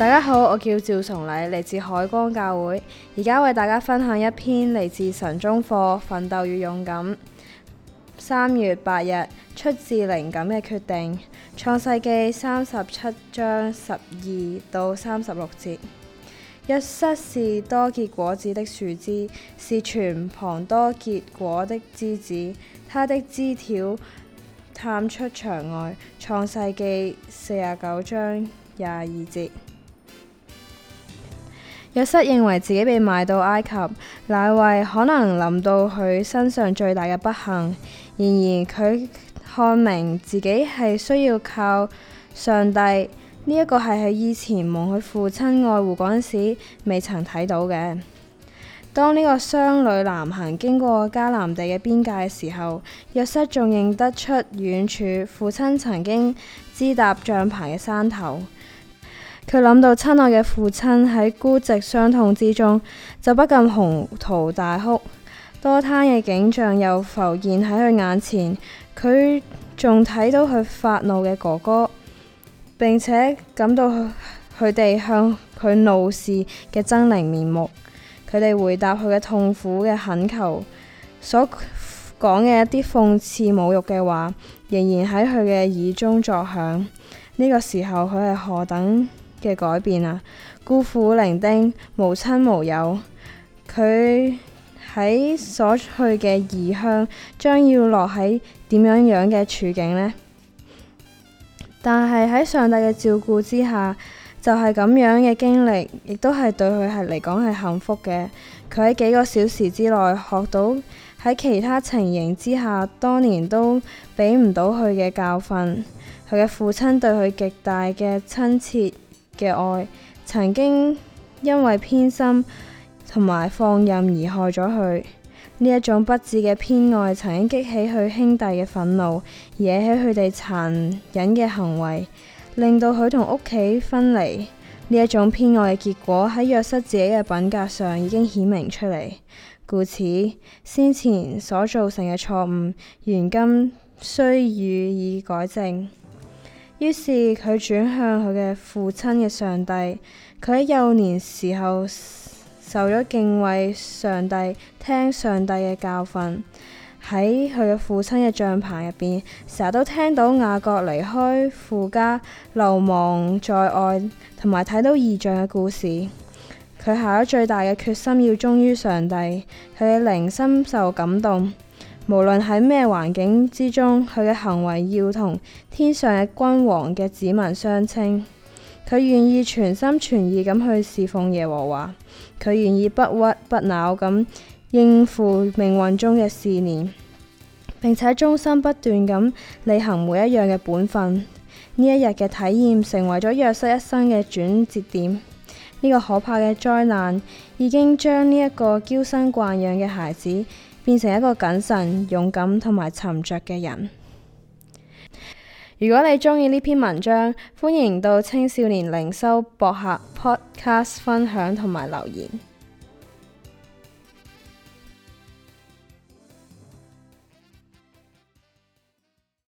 大家好，我叫趙崇禮，嚟自海光教會。而家為大家分享一篇嚟自神中課《奮鬥與勇敢》，三月八日出自靈感嘅決定，《創世記》三十七章十二到三十六節。約瑟是多結果子的樹枝，是泉旁多結果的枝子，它的枝條探出牆外，《創世記》四十九章廿二節。約瑟認為自己被賣到埃及，乃為可能臨到佢身上最大嘅不幸。然而佢看明自己係需要靠上帝，呢、這、一個係喺以前蒙佢父親愛護嗰陣時未曾睇到嘅。當呢個商旅南行經過迦南地嘅邊界嘅時候，約瑟仲認得出遠處父親曾經支搭帳棚嘅山頭。佢諗到親愛嘅父親喺孤寂傷痛之中，就不禁號啕大哭，多坍嘅景象又浮現喺佢眼前。佢仲睇到佢發怒嘅哥哥，並且感到佢哋向佢怒視嘅猙獰面目。佢哋回答佢嘅痛苦嘅懇求，所講嘅一啲諷刺侮辱嘅話，仍然喺佢嘅耳中作響。呢、這個時候，佢係何等嘅改變啊！孤苦伶仃，無親無友，佢喺所去嘅異鄉，將要落喺點樣樣嘅處境呢？但係喺上帝嘅照顧之下，就係、是、咁樣嘅經歷，亦都係對佢係嚟講係幸福嘅。佢喺幾個小時之內學到喺其他情形之下，多年都俾唔到佢嘅教訓。佢嘅父親對佢極大嘅親切嘅愛，曾經因為偏心同埋放任而害咗佢。呢一種不智嘅偏愛，曾經激起佢兄弟嘅憤怒，惹起佢哋殘忍嘅行為，令到佢同屋企分離。呢一種偏愛嘅結果，喺約瑟自己嘅品格上已經顯明出嚟。故此，先前所造成嘅錯誤，原今需予以改正。於是佢轉向佢嘅父親嘅上帝，佢喺幼年時候受咗敬畏上帝，聽上帝嘅教訓，喺佢嘅父親嘅帳棚入邊，成日都聽到雅各離開父家流亡在外，同埋睇到異象嘅故事。佢下咗最大嘅決心要忠於上帝，佢嘅靈深受感動。無論喺咩環境之中，佢嘅行為要同天上嘅君王嘅子民相稱。佢願意全心全意咁去侍奉耶和華，佢願意不屈不撓咁應付命運中嘅試煉，並且終身不斷咁履行每一樣嘅本分。呢一日嘅體驗成為咗約瑟一生嘅轉折點。呢、這個可怕嘅災難已經將呢一個嬌生慣養嘅孩子變成一個謹慎、勇敢同埋沉着嘅人。如果你鍾意呢篇文章，歡迎到青少年靈修博客 Podcast 分享同埋留言。